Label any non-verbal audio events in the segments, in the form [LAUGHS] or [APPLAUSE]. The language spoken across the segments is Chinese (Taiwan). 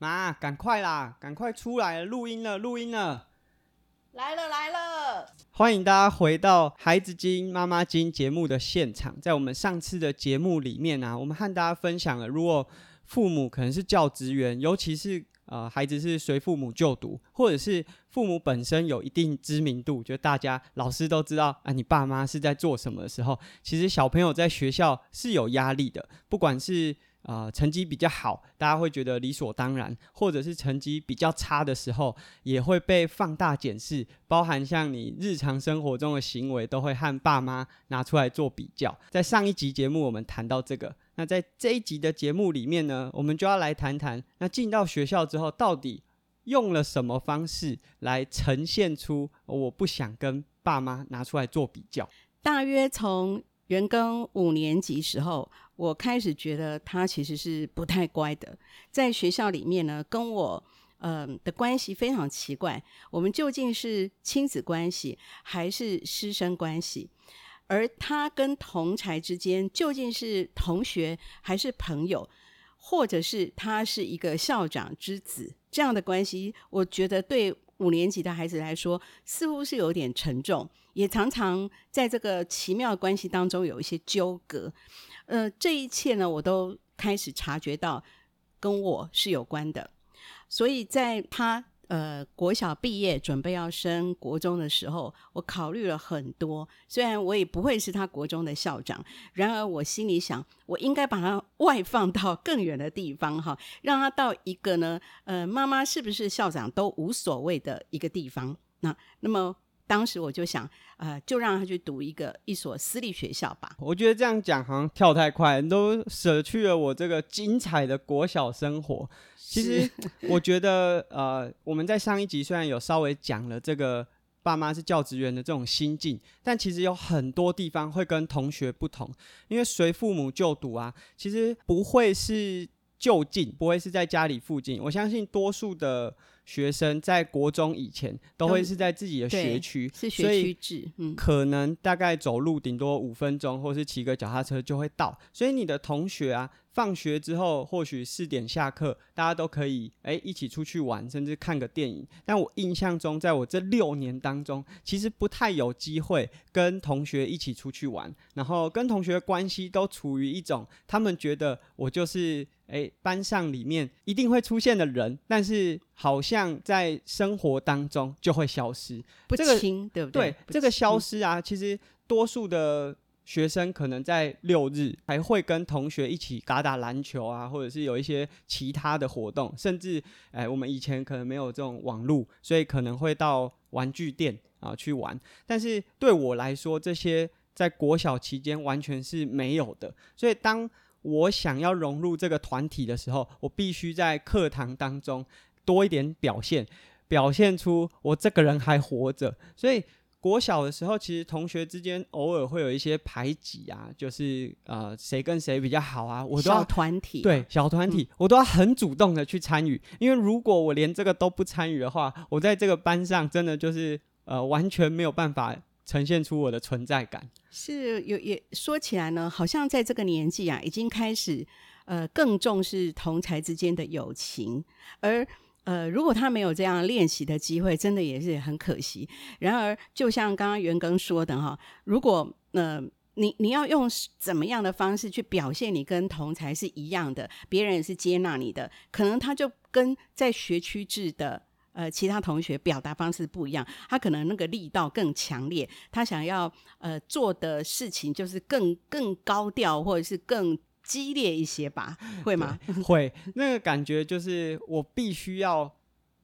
媽，趕快啦，趕快出來錄音了，錄音了，來了來了！來了歡迎大家回到《孩子精媽媽驚》節目的現場。在我們上次的節目裡面啊，我們和大家分享了，如果父母可能是教職員，尤其是，呃，孩子是隨父母就讀，或者是父母本身有一定知名度，就大家老師都知道啊，你爸媽是在做什麼的時候，其實小朋友在學校是有壓力的，不管是。啊、呃，成績比較好，大家會覺得理所當然；或者是成績比較差的時候，也會被放大檢視。包含像你日常生活中的行為，都會和爸媽拿出來做比較。在上一集節目，我們談到這個。那在這一集的節目裡面呢，我們就要來談談，那進到學校之後，到底用了什麼方式來呈現出我不想跟爸媽拿出來做比較？大約從。元庚五年級時候，我開始覺得他其實是不太乖的，在學校裡面呢，跟我嗯的、呃、的關係非常奇怪。我們究竟是親子關係還是師生關係？而他跟同儕之間究竟是同學還是朋友，或者是他是一個校長之子這樣的關係？我覺得對五年級的孩子來說，似乎是有點沉重。也常常在這個奇妙關係當中有一些糾葛，呃，這一切呢，我都開始察覺到跟我是有關的。所以在他呃國小畢業準備要升國中的時候，我考慮了很多。雖然我也不會是他國中的校長，然而我心裡想，我應該把他外放到更遠的地方哈，讓他到一個呢，呃，媽媽是不是校長都無所謂的一個地方。那那麼。當時我就想，呃，就讓他去讀一個，一所私立學校吧。我覺得這樣講好像跳太快，都捨去了我這個精彩的國小生活。其實我覺得， [LAUGHS] 呃，我們在上一集雖然有稍微講了這個爸媽是教職員的這種心境，但其實有很多地方會跟同學不同，因為隨父母就讀啊，其實不會是就近，不會是在家裡附近。我相信多數的。學生在國中以前都會是在自己的學區、嗯，是學區制，嗯，所以可能大概走路頂多五分鐘，或是騎個腳踏車就會到，所以你的同學啊。放學之後，或許四點下課，大家都可以哎、欸、一起出去玩，甚至看個電影。但我印象中，在我這六年當中，其實不太有機會跟同學一起出去玩，然後跟同學關係都處於一種他們覺得我就是、欸、班上裡面一定會出現的人，但是好像在生活當中就會消失。不清，對不、這個、對？對清，這個消失啊，其實多數的。學生可能在六日還會跟同學一起打打籃球啊，或者是有一些其他的活動，甚至誒、欸，我們以前可能沒有這種網絡，所以可能會到玩具店啊去玩。但是對我來說，這些在國小期間完全是沒有的。所以當我想要融入這個團體的時候，我必須在課堂當中多一點表現，表現出我這個人還活着。所以。國小的時候，其實同學之間偶爾會有一些排擠啊，就是呃，誰跟誰比較好啊，我都要小團體、啊、對小團體，嗯、我都要很主動的去參與，因為如果我連這個都不參與的話，我在這個班上真的就是呃，完全沒有辦法呈現出我的存在感。是有也說起來呢，好像在這個年紀啊，已經開始呃，更重視同儕之間的友情，而。呃，如果他沒有這樣練習的機會，真的也是很可惜。然而，就像剛剛袁庚說的哈，如果呃你你要用怎麼樣的方式去表現你跟同儕是一樣的，別人也是接納你的，可能他就跟在學區制的呃其他同學表達方式不一樣，他可能那個力道更強烈，他想要呃做的事情就是更更高調或者是更。激烈一些吧，會嗎？對 [LAUGHS] 會，那個感覺就是我必須要。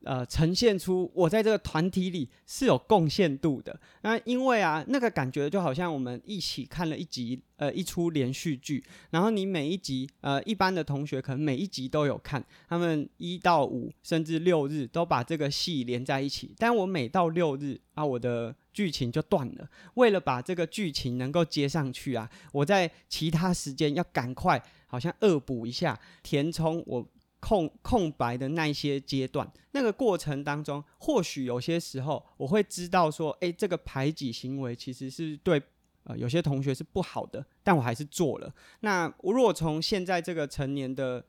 呃，呈現出我在這個團體裡是有貢獻度的。那因為啊，那個感覺就好像我們一起看了一集呃一出連續劇，然後你每一集呃，一般的同學可能每一集都有看，他們一到五甚至六日都把這個戲連在一起。但我每到六日啊，我的劇情就斷了。為了把這個劇情能夠接上去啊，我在其他時間要趕快好像惡補一下，填充我。空空白的那一些階段，那個過程當中，或許有些時候我會知道說，誒、欸，這個排擠行為其實是對呃有些同學是不好的，但我還是做了。那我如果從現在這個成年的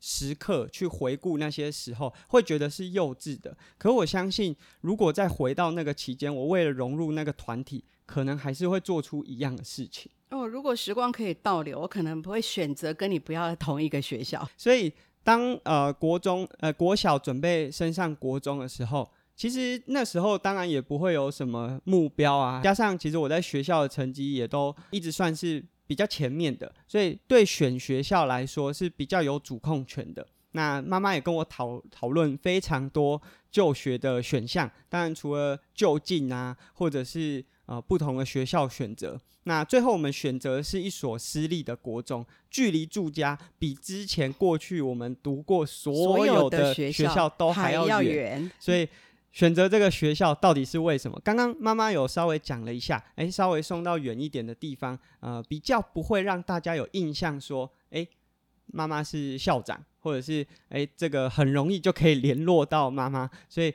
時刻去回顧那些時候，會覺得是幼稚的。可我相信，如果再回到那個期間，我為了融入那個團體，可能還是會做出一樣的事情。哦，如果時光可以倒流，我可能不會選擇跟你不要同一個學校。所以。當呃國中呃國小準備升上國中的時候，其實那時候當然也不會有什麼目標啊，加上其實我在學校的成績也都一直算是比較前面的，所以對選學校來說是比較有主控權的。那媽媽也跟我討討論非常多就學的選項，當然除了就近啊，或者是。啊、呃，不同的學校選擇，那最後我們選擇是一所私立的國中，距離住家比之前過去我們讀過所有的學校都還要遠，所有的學校還要遠，所以選擇這個學校到底是為什麼？剛剛媽媽有稍微講了一下，誒、欸，稍微送到遠一點的地方，呃，比較不會讓大家有印象說，欸、媽媽是校長，或者是、欸、這個很容易就可以聯絡到媽媽，所以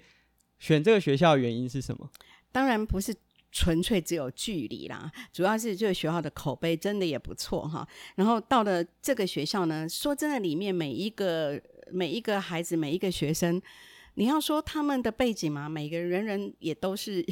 選這個學校的原因是什麼？當然不是，純粹只有距離啦，主要是這個學校的口碑真的也不錯哈。然後到了這個學校呢，說真的，裡面每一個每一個孩子、每一個學生，你要說他們的背景嘛，每個人人也都是，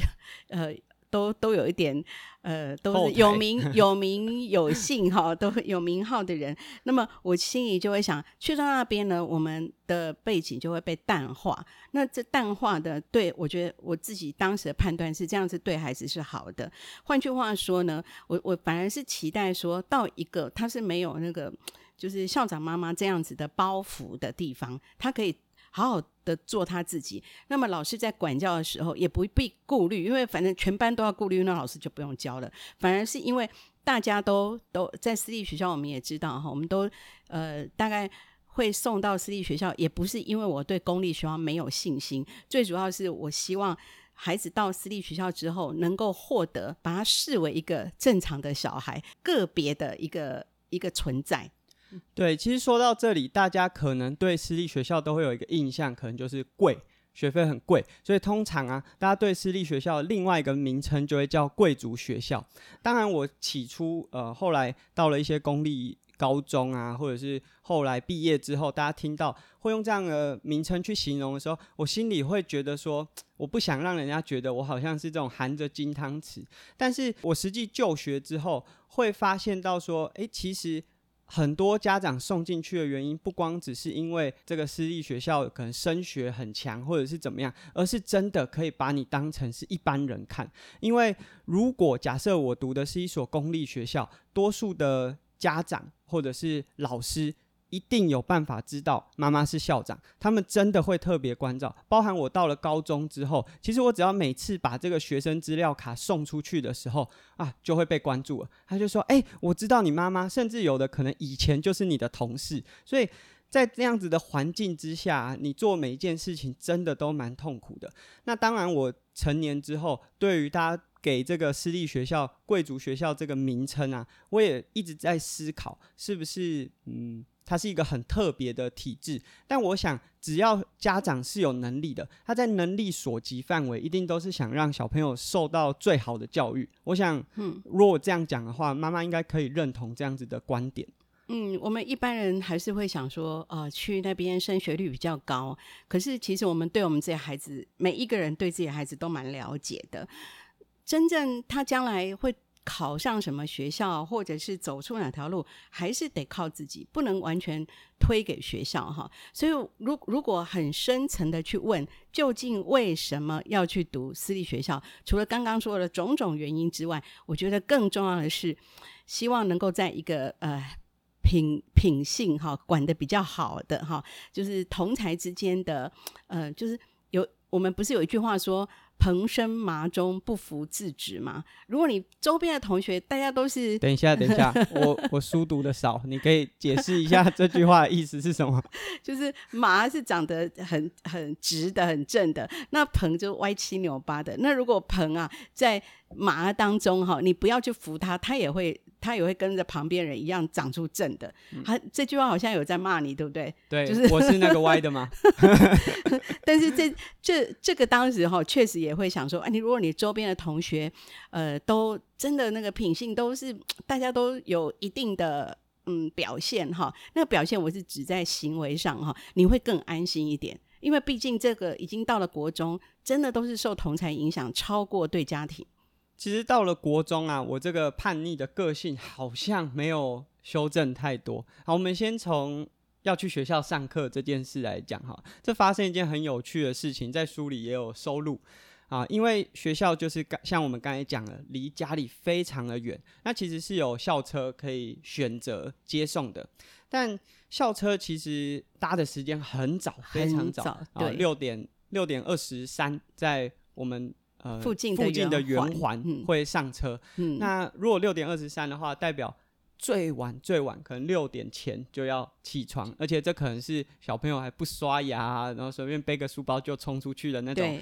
呃。都都有一點，呃，都是有名後台 [LAUGHS] 有名，有名，有姓哈，都有名號的人。那麼我心裡就會想，去到那邊呢，我們的背景就會被淡化。那這淡化的對，我覺得我自己當時的判斷是這樣子，對孩子是，是好的。換句話說呢，我我反而是期待說到一個他是沒有那個，就是校長媽媽這樣子的包袱的地方，他可以。好好的做他自己，那麼老師在管教的時候也不必顧慮，因為反正全班都要顧慮，那老師就不用教了。反而是因為大家都都在私立學校，我們也知道哈，我們都呃大概會送到私立學校，也不是因為我對公立學校沒有信心，最主要是我希望孩子到私立學校之後能夠獲得，把他視為一個正常的小孩，個別的一個一個存在。對，其實說到這裡，大家可能對私立學校都會有一個印象，可能就是貴，學費很貴，所以通常啊，大家對私立學校另外一個名稱就會叫貴族學校。當然，我起初呃，後來到了一些公立高中啊，或者是後來畢業之後，大家聽到會用這樣的名稱去形容的時候，我心裡會覺得說，我不想讓人家覺得我好像是這種含着金湯匙，但是我實際就學之後會發現到說，哎、欸，其實。很多家長送進去的原因，不光只是因為這個私立學校可能升學很強，或者是怎麼樣，而是真的可以把你當成是一般人看。因為如果假設我讀的是一所公立學校，多數的家長或者是老師，一定有辦法知道媽媽是校長，他們真的會特別關照。包含我到了高中之後，其實我只要每次把這個學生資料卡送出去的時候啊，就會被關注了。他就說：“欸，我知道你媽媽，甚至有的可能以前就是你的同事。”所以在這樣子的環境之下啊，你做每一件事情真的都蠻痛苦的。那當然，我成年之後，對於他給這個私立學校、貴族學校這個名稱啊，我也一直在思考，是不是嗯。它是一個很特別的體制，但我想，只要家長是有能力的，他在能力所及範圍，一定都是想讓小朋友受到最好的教育。我想，嗯，如果這樣講的話，媽媽應該可以認同這樣子的觀點。嗯，我們一般人還是會想說，呃，去那邊升學率比較高。可是，其實我們對我們自己孩子，每一個人對自己孩子都蠻了解的。真正他將來會。考上什麼學校，或者是走出哪條路，還是得靠自己，不能完全推給學校哈、哦。所以，如如果很深層的去問，究竟為什麼要去讀私立學校？除了剛剛說的種種原因之外，我覺得更重要的是，希望能夠在一個呃品品性哈、哦、管得比較好的哈、哦，就是同儕之間的呃，就是有我們不是有一句話說。蓬生麻中，不扶自直嘛。如果你周邊的同學，大家都是……等一下，等一下，我我書讀的少， [LAUGHS] 你可以解釋一下這句話的意思是什麼？就是麻是長得很很直的、很正的，那蓬就歪七扭八的。那如果蓬啊在麻當中哈，你不要去扶它，它也會。他也會跟着旁邊人一樣長出正的，他、嗯啊、這句話好像有在罵你，對不對？對，就是我是那個歪的嘛。 [LAUGHS] 但是這這這個當時哈、哦，確實也會想說，哎、呃，你如果你周邊的同學，呃，都真的那個品性都是，大家都有一定的嗯表現哈、哦，那個表現我是指在行為上哈、哦，你會更安心一點，因為畢竟這個已經到了國中，真的都是受同儕影響超過對家庭。其實到了國中啊，我這個叛逆的個性好像沒有修正太多。好，我們先從要去學校上課這件事來講哈，這發生一件很有趣的事情，在書裡也有收錄啊。因為學校就是像我們剛才講的，離家裡非常的遠，那其實是有校車可以選擇接送的，但校車其實搭的時間很早，很早非常早，啊。對，六點六點二十三，在我們，呃、附近的圓環會上車。嗯嗯、那如果六點二十三的話，代表最晚最晚可能六點前就要起床，而且這可能是小朋友還不刷牙，然後隨便背個書包就衝出去的那種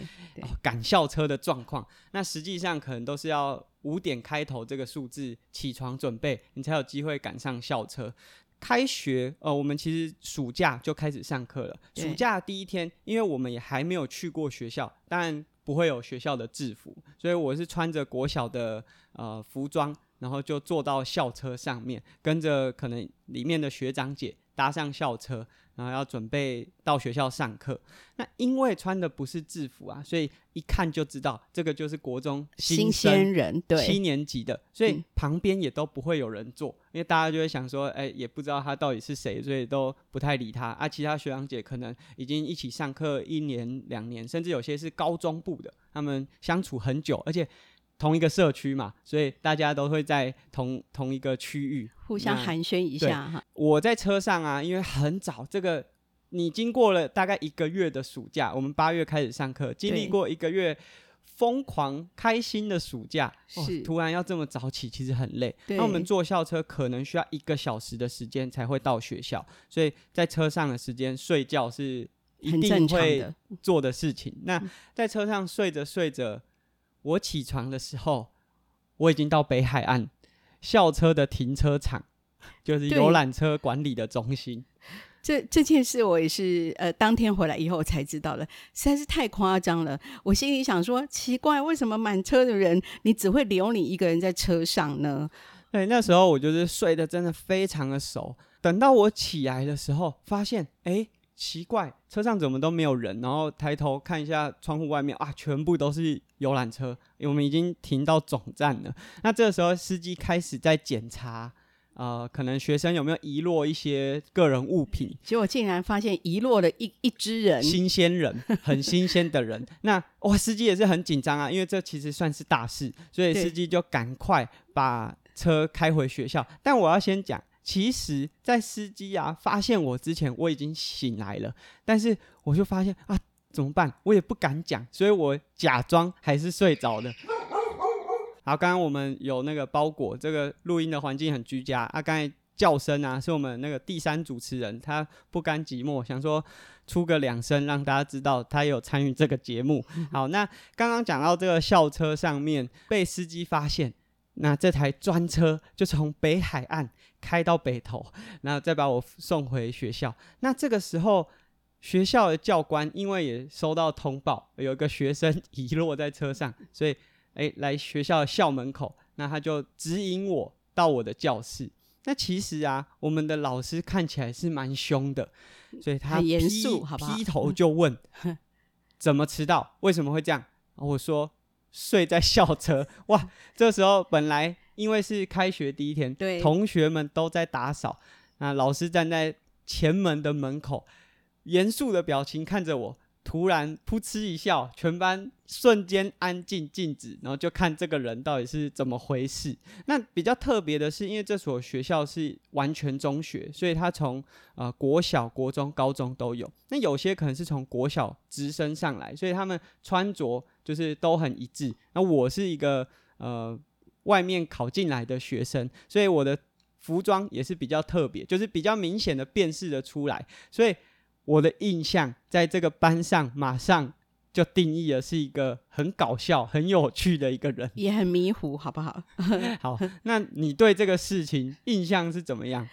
趕、哦、校車的狀況。那實際上可能都是要五點開頭這個數字起床準備，你才有機會趕上校車。開學，呃，我們其實暑假就開始上課了。對暑假第一天，因為我們也還沒有去過學校，但。不會有學校的制服，所以我是穿着國小的呃服裝，然後就坐到校車上面，跟着可能裡面的學長姐。搭上校車，然後要準備到學校上課。那因為穿的不是制服啊，所以一看就知道這個就是國中新鮮人。對，七年級的，所以旁邊也都不會有人坐，嗯、因為大家就會想說，哎，也不知道他到底是誰，所以都不太理他。而、啊、其他學長姐可能已經一起上課一年、兩年，甚至有些是高中部的，他們相處很久，而且。同一個社區嘛，所以大家都會在同同一個區域互相寒暄一下。啊、我在車上啊，因為很早，這個你經過了大概一個月的暑假，我們八月開始上課，對經歷過一個月瘋狂開心的暑假，是、哦，突然要這麼早起，其實很累。對那我們坐校車可能需要一個小時的時間才會到學校，所以在車上的時間睡覺是一定會做的事情。那在車上睡着睡着。我起床的時候，我已經到北海岸校車的停車場，就是遊覽車管理的中心。這這件事我也是呃，當天回來以後才知道了，實在是太誇張了。我心裡想說，奇怪，為什麼滿車的人，你只會留你一個人在車上呢？對，那時候我就是睡得真的非常的熟，等到我起來的時候，發現，哎。奇怪，車上怎麼都沒有人？然後抬頭看一下窗戶外面，哇，全部都是遊覽車，我們已經停到總站了。那這時候司機開始在檢查，呃，可能學生有沒有遺落一些個人物品。結果我竟然發現遺落了一一只人，新鮮人，很新鮮的人。 [LAUGHS] 那哇、哦，司機也是很緊張啊，因為這其實算是大事，所以司機就趕快把車開回學校。對但我要先講。其實，在司機啊發現我之前，我已經醒來了。但是我就發現啊，怎麼辦？我也不敢講，所以我假裝還是睡着的。好，剛剛我們有那個包裹，這個錄音的環境很居家啊。剛才叫聲啊，是我們那個第三主持人，他不甘寂寞，想說出個兩聲，讓大家知道他有參與這個節目。好，那剛剛講到這個校車上面被司機發現。那這台專車就從北海岸開到北投，然後再把我送回學校。那這個時候，學校的教官因為也收到通報，有一個學生遺落在車上，所以、欸、來學校的校門口，那他就指引我到我的教室。那其實啊，我們的老師看起來是蠻兇的，所以他很嚴肅，好劈頭就問：嗯、 [LAUGHS] 怎麼遲到？為什麼會這樣？我說。睡在校車，哇！這時候本來因為是開學第一天，對同學們都在打掃，那老師站在前門的門口，嚴肅的表情看着我。突然撲哧一笑，全班瞬間安靜靜止，然後就看這個人到底是怎麼回事。那比較特別的是，因為這所學校是完全中學，所以他從啊、呃、國小、國中、高中都有。那有些可能是從國小直升上來，所以他們穿着就是都很一致。那我是一個呃外面考進來的學生，所以我的服裝也是比較特別，就是比較明顯的辨識的出來。所以。我的印象，在這個班上馬上就定義的是是一個很搞笑、很有趣的一個人，也很迷糊，好不好？ [LAUGHS] 好，那你對這個事情印象是怎麼樣？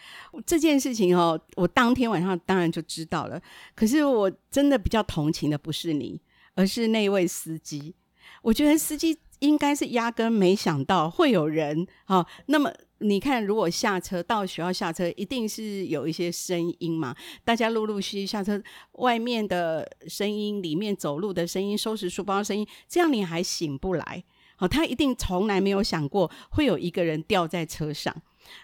這件事情哦，我當天晚上當然就知道了。可是我真的比較同情的不是你，而是那位司機。我覺得司機應該是壓根沒想到會有人。好，哦，那麼。你看，如果下車到學校下車，一定是有一些聲音嘛？大家陸陸續續下車，外面的聲音，裡面走路的聲音，收拾書包的聲音，這樣你還醒不來？好、哦，他一定從來沒有想過會有一個人掉在車上。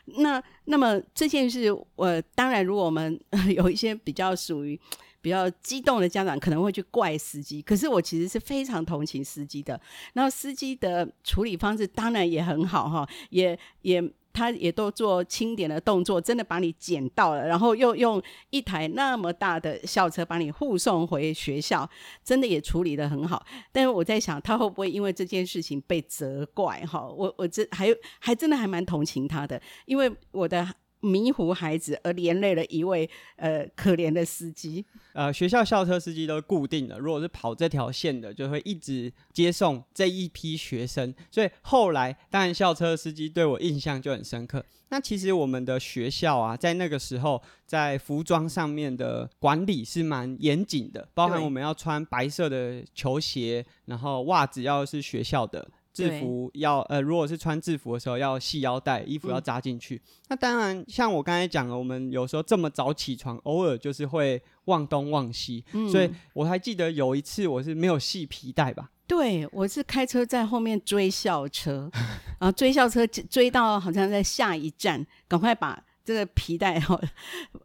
那那麼這件事，我、呃、當然，如果我們有一些比較屬於比較激動的家長，可能會去怪司機。可是我其實是非常同情司機的。然後司機的處理方式當然也很好哈，也也。他也都做清點的動作，真的把你撿到了，然後又用一台那麼大的校車把你護送回學校，真的也處理得很好。但是我在想，他會不會因為這件事情被責怪？哈，我我這還還真的還蠻同情他的，因為我的。迷糊孩子，而連累了一位呃可憐的司機。呃，學校校車司機都是固定的，如果是跑這條線的，就會一直接送這一批學生。所以後來，當然校車司機對我印象就很深刻。那其實我們的學校啊，在那個時候，在服裝上面的管理是蠻嚴謹的，包含我們要穿白色的球鞋，然後襪子要是學校的。制服要對呃，如果是穿制服的時候要繫腰帶，衣服要扎進去。嗯、那當然，像我剛才講了，我們有時候這麼早起床，偶爾就是會忘東忘西。嗯、所以我還記得有一次，我是沒有繫皮帶吧？對，我是開車在後面追校車， [LAUGHS] 然後追校車追到好像在下一站，趕快把。這個皮帶哈、哦，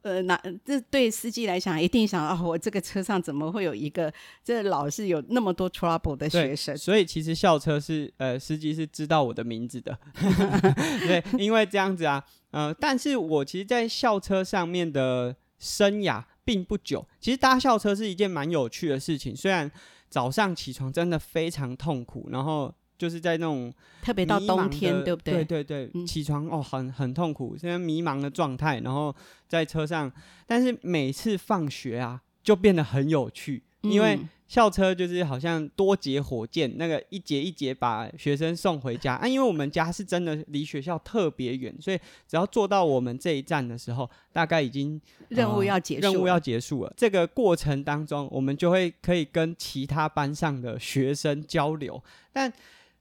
呃，那這對司機來講一定想啊、哦，我這個車上怎麼會有一個這個、老是有那麼多 trouble 的學生？所以其實校車是呃，司機是知道我的名字的。 [LAUGHS] 對， [LAUGHS] 因為這樣子啊，呃，但是我其實，在校車上面的生涯並不久。其實搭校車是一件蠻有趣的事情，雖然早上起床真的非常痛苦，然後。就是在那種特別到冬天，對不對？對對對，起床哦，很很痛苦，現在迷茫的狀態。然後在車上，但是每次放學啊，就變得很有趣，因為校車就是好像多節火箭，嗯、那個一節一節把學生送回家。啊，因為我們家是真的離學校特別遠，所以只要坐到我們這一站的時候，大概已經任務要結束，哦，任務要結束了。這個過程當中，我們就會可以跟其他班上的學生交流，但。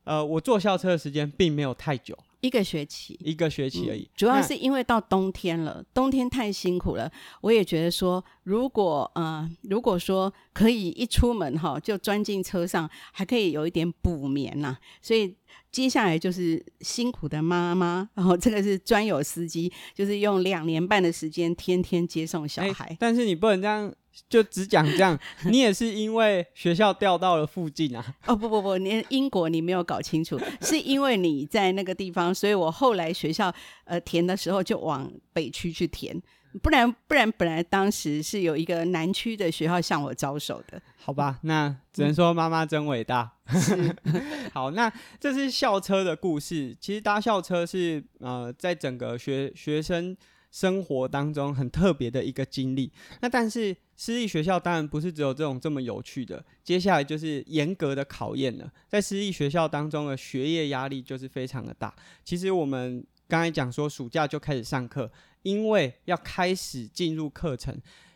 呃，我坐校車的時間並沒有太久，一個學期，一個學期而已、嗯。主要是因為到冬天了，嗯、冬天太辛苦了，我也覺得說，如果呃，如果說可以一出門哈、哦，就鑽進車上，還可以有一點補眠吶、啊，所以。接下來就是辛苦的媽媽，然後，哦，這個是專有司機，就是用兩年半的時間天天接送小孩。欸，但是你不能這樣，就只講這樣。 [LAUGHS] 你也是因為學校調到了附近啊？哦不不不，你英國你沒有搞清楚， [LAUGHS] 是因為你在那個地方，所以我後來學校呃填的時候就往北區去填。不然，不然，本來當時是有一個南區的學校向我招手的。好吧，那只能說媽媽真偉大。嗯、 [LAUGHS] 好，那這是校車的故事。其實搭校車是呃，在整個學學生生活當中很特別的一個經歷。那但是私立學校當然不是只有這種這麼有趣的。接下來就是嚴格的考驗了。在私立學校當中的學業壓力就是非常的大。其實我們剛才講說，暑假就開始上課。因為要開始進入課程，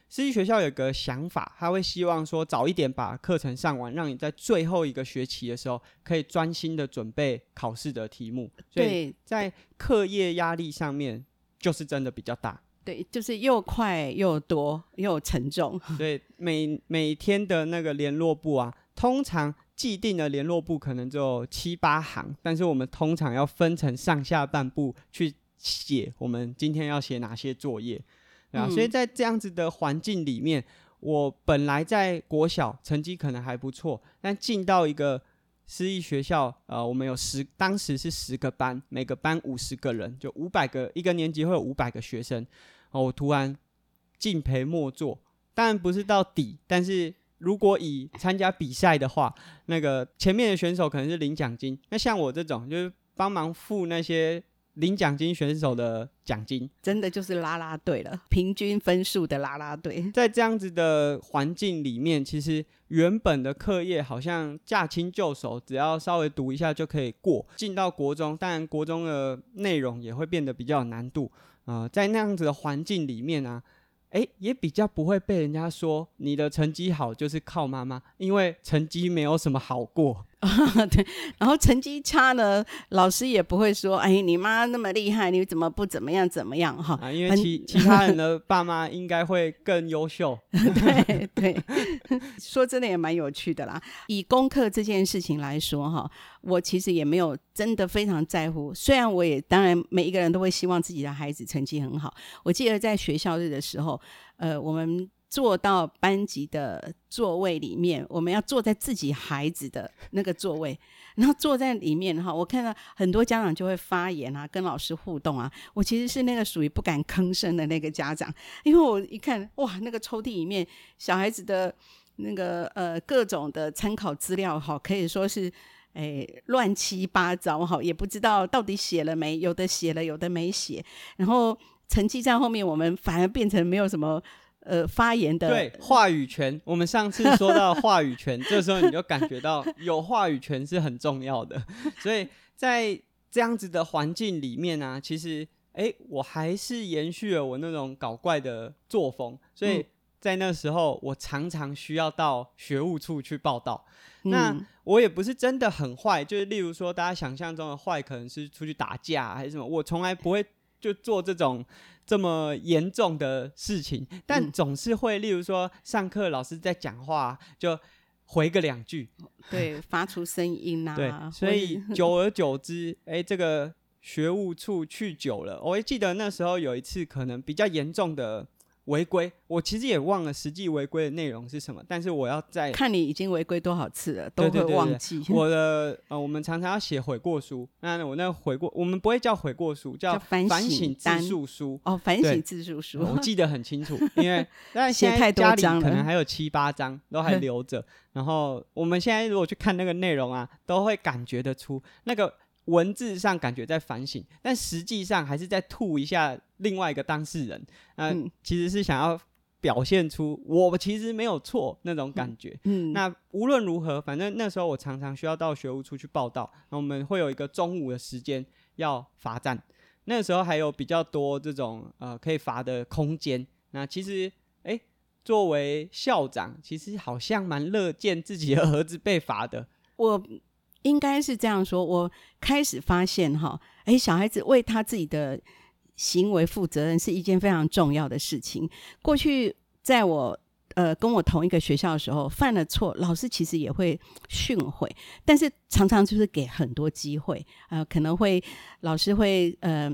私立學校有個想法，他會希望說早一點把課程上完，讓你在最後一個學期的時候可以專心的準備考試的題目。對，所以在課業壓力上面就是真的比較大。對，就是又快又多又沉重。對，每每天的那個聯絡簿啊，通常既定的聯絡簿可能只有七八行，但是我們通常要分成上下半部去。寫我們今天要寫哪些作業啊？嗯、所以在這樣子的環境裡面，我本來在國小成績可能還不錯，但進到一個私立學校，呃，我們有十，當時是十個班，每個班五十個人，就五百個一個年級會有五百個學生。哦、呃，我突然敬陪末座，當然不是到底，但是如果以參加比賽的話，那個前面的選手可能是領獎金，那像我這種就是幫忙付那些，領獎金選手的獎金，真的就是拉拉隊了，平均分數的拉拉隊。在這樣子的環境裡面，其實原本的課業好像駕輕就熟，只要稍微讀一下就可以過。進到國中，當然國中的內容也會變得比較有難度啊、呃。在那樣子的環境裡面啊、欸，也比較不會被人家說你的成績好就是靠媽媽，因為成績沒有什麼好過。 [LAUGHS] 對，然後成績差呢，老師也不會說，哎，你媽那麼厲害，你怎麼不怎麼樣怎麼樣？哈、哦啊，因為其、嗯、其他人的爸媽應該會更優秀。 [LAUGHS] 對對，說真的也蠻有趣的啦。 [LAUGHS] 以功課這件事情來說，哈、哦，我其實也沒有真的非常在乎。雖然我也當然每一個人都會希望自己的孩子成績很好。我記得在學校日的時候，呃，我們。坐到班級的座位裡面，我們要坐在自己孩子的那個座位，然後坐在裡面哈。我看到很多家長就會發言啊，跟老師互動啊。我其實是那個屬於不敢吭聲的那個家長，因為我一看哇，那個抽屜裡面小孩子的那個呃各種的參考資料哈，可以說是誒亂七八糟哈，也不知道到底寫了沒，有的寫了，有的沒寫。然後成績在後面，我們反而變成沒有什麼。呃，發言的對話語權，我們上次說到話語權， [LAUGHS] 這時候你就感覺到有話語權是很重要的。所以在這樣子的環境裡面呢、啊，其實、欸、我還是延續了我那種搞怪的作風。所以在那時候，我常常需要到學務處去報到。嗯、那我也不是真的很壞，就是例如說大家想象中的壞，可能是出去打架、啊、還是什麼，我從來不會。就做這種這麼嚴重的事情，但總是會，嗯、例如說上課老師在講話，就回個兩句，對，發出聲音吶、啊。 [LAUGHS] 所以久而久之，誒、 [LAUGHS] 欸，這個學務處去久了，我也記得那時候有一次可能比較嚴重的。違規，我其實也忘了實際違規的內容是什麼，但是我要再，看你已經違規多少次了，都會忘記。對對對對對，我的呃，我們常常要寫悔過書，那我那悔過，我們不會叫悔過書，叫反省自述書。對哦，反省自述書，我記得很清楚， [LAUGHS] 因為現在家裡可能還有七八張都還留着。 [LAUGHS] 然後我們現在如果去看那個內容啊，都會感覺得出那個。文字上感覺在反省，但實際上還是在吐一下另外一個當事人。嗯，其實是想要表現出我其實沒有錯那種感覺。嗯嗯，那無論如何，反正那時候我常常需要到學務處去報到，那我們會有一個中午的時間要罰站。那時候還有比較多這種呃可以罰的空間。那其實，欸，作為校長，其實好像蠻樂見自己的兒子被罰的。我。應該是這樣說，我開始發現哈，哎，小孩子為他自己的行為負責任是一件非常重要的事情。過去在我呃跟我同一個學校的時候，犯了錯，老師其實也會訓誨，但是常常就是給很多機會，呃，可能會老師會呃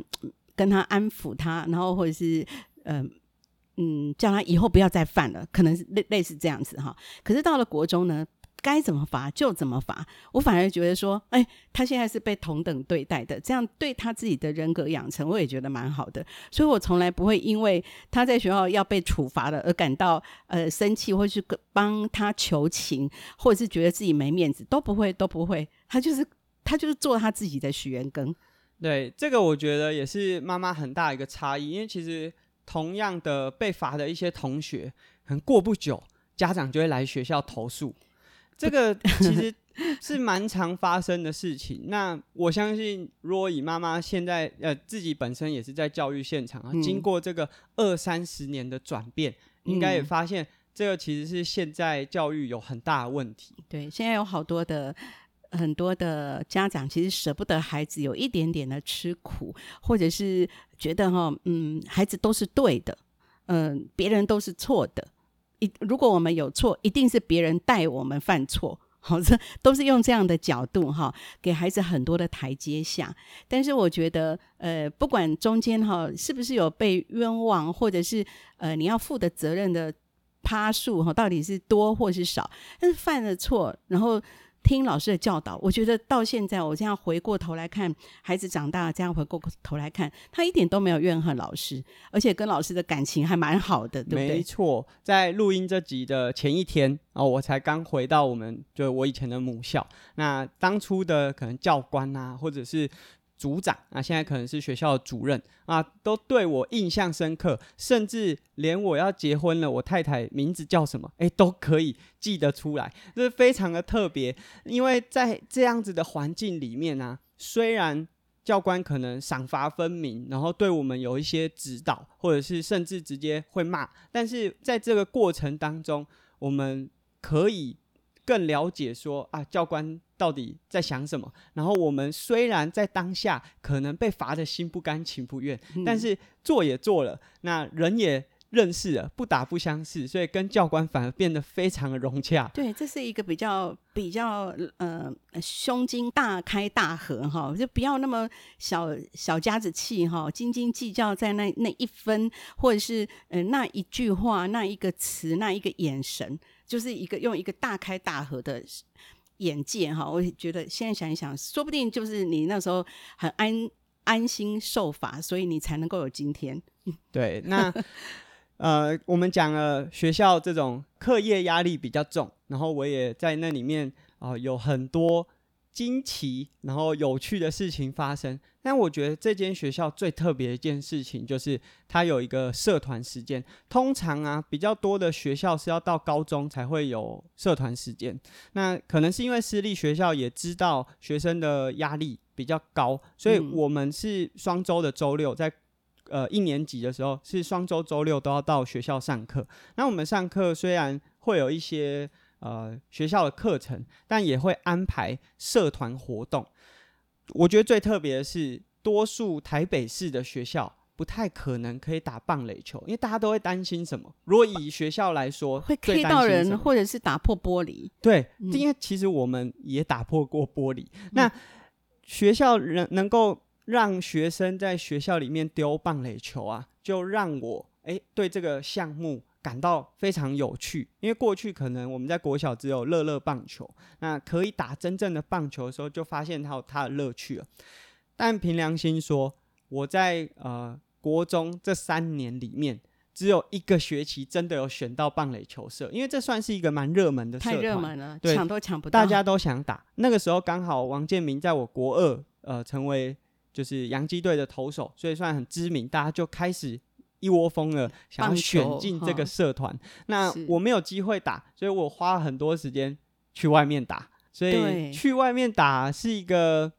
跟他安撫他，然後或者是，呃，嗯嗯叫他以後不要再犯了，可能是類類似這樣子哈。可是到了國中呢？該怎麼罰就怎麼罰，我反而覺得說，哎，他現在是被同等對待的，這樣對他自己的人格養成，我也覺得蠻好的。所以，我從來不會因為他在學校要被處罰了而感到呃生氣，或是幫他求情，或者是覺得自己沒面子，都不會，都不會。他就是他就是做他自己的許願根。對，這個我覺得也是媽媽很大的一個差異，因為其實同樣的被罰的一些同學，可能過不久，家長就會來學校投訴。這個其實是蠻常發生的事情。 [LAUGHS] 那我相信，若以媽媽現在呃自己本身也是在教育現場啊，嗯、經過這個二三十年的轉變，嗯、應該也發現這個其實是現在教育有很大的問題。對，現在有好多的很多的家長其實捨不得孩子有一點點的吃苦，或者是覺得哈嗯，孩子都是對的，嗯，別人都是錯的。一如果我們有錯，一定是別人帶我們犯錯，好，都是用這樣的角度哈，給孩子很多的台階下。但是我覺得，呃，不管中間哈是不是有被冤枉，或者是呃你要負的責任的趴數哈，到底是多或是少，但是犯了錯，然後。聽老師的教導，我覺得到現在，我這樣回過頭來看，孩子長大了這樣回過頭來看，他一點都沒有怨恨老師，而且跟老師的感情還蠻好的，對不對？沒錯，在錄音這集的前一天啊、哦，我才剛回到我們就是我以前的母校，那當初的可能教官啊，或者是。組長啊，現在可能是學校的主任啊，都對我印象深刻，甚至連我要結婚了，我太太名字叫什麼，誒、欸，都可以記得出來，這是非常的特別。因為在這樣子的環境裡面呢、啊，雖然教官可能賞罰分明，然後對我們有一些指導，或者是甚至直接會罵，但是在這個過程當中，我們可以。更了解說啊，教官到底在想什麼？然後我們雖然在當下可能被罰得心不甘情不願，嗯、但是做也做了，那人也認識了，不打不相識，所以跟教官反而變得非常的融洽。對，這是一個比較比較呃，胸襟大開大合哈、哦，就不要那麼小小家子氣哈、哦，斤斤計較在那那一分或者是、呃、那一句話那一個詞那一個眼神。就是一個用一個大開大合的眼界哈，我覺得現在想一想，說不定就是你那時候很安安心受罰，所以你才能夠有今天。對，那 [LAUGHS] 呃，我們講了學校這種課業壓力比較重，然後我也在那裡面啊、呃、有很多。驚奇，然後有趣的事情發生。但我覺得這間學校最特別的一件事情，就是它有一個社團時間。通常啊，比較多的學校是要到高中才會有社團時間。那可能是因為私立學校也知道學生的壓力比較高，所以我們是雙週的週六，在呃一年級的時候是雙週週六都要到學校上課。那我們上課雖然會有一些。呃，學校的課程，但也會安排社團活動。我覺得最特別的是，多數台北市的學校不太可能可以打棒壘球，因為大家都會擔心什麼？如果以學校來說，會踢到人，或者是打破玻璃？對，嗯、因為其實我們也打破過玻璃。嗯、那學校人能能夠讓學生在學校裡面丟棒壘球啊，就讓我、欸、對這個項目。感到非常有趣，因為過去可能我們在國小只有樂樂棒球，那可以打真正的棒球的時候，就發現它有它的樂趣了。但憑良心說，我在呃國中這三年裡面，只有一個學期真的有選到棒壘球社，因為這算是一個蠻熱門的，太熱門了，搶對都搶不到，大家都想打。那個時候剛好王建民在我國二呃成為就是洋基隊的投手，所以算很知名，大家就開始。一窩蜂的想要選進這個社團，哦、那是我沒有機會打，所以我花了很多時間去外面打，所以去外面打是一個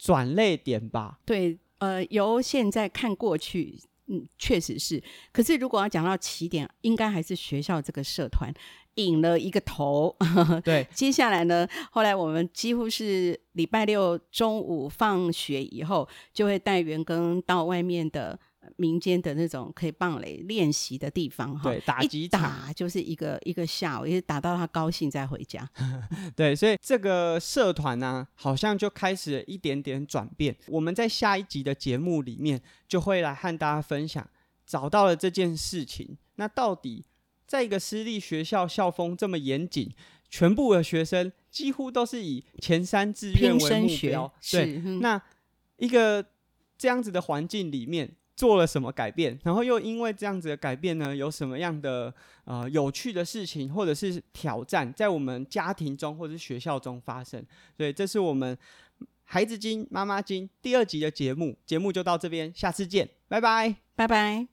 轉捩點吧。對，呃，由現在看過去，嗯，確實是。可是如果要講到起點，應該還是學校這個社團引了一個頭。 [LAUGHS] 對，接下來呢，後來我們幾乎是禮拜六中午放學以後，就會帶員工到外面的。民間的那種可以棒壘練習的地方哈，對，打幾場，一打就是一個一個下午，也是打到他高興再回家。 [LAUGHS] 對，所以這個社團呢、啊，好像就開始了一點點轉變。我們在下一集的節目裡面就會來和大家分享，找到了這件事情。那到底在一個私立學校校風這麼嚴謹，全部的學生幾乎都是以前三志願為目標，學對，是那一個這樣子的環境裡面。做了什麼改變？然後又因為這樣子的改變呢，有什麼樣的呃有趣的事情或者是挑戰在我們家庭中或者是學校中發生？所以這是我們孩子精媽媽驚第二集的節目，節目就到這邊，下次見，拜拜，拜拜。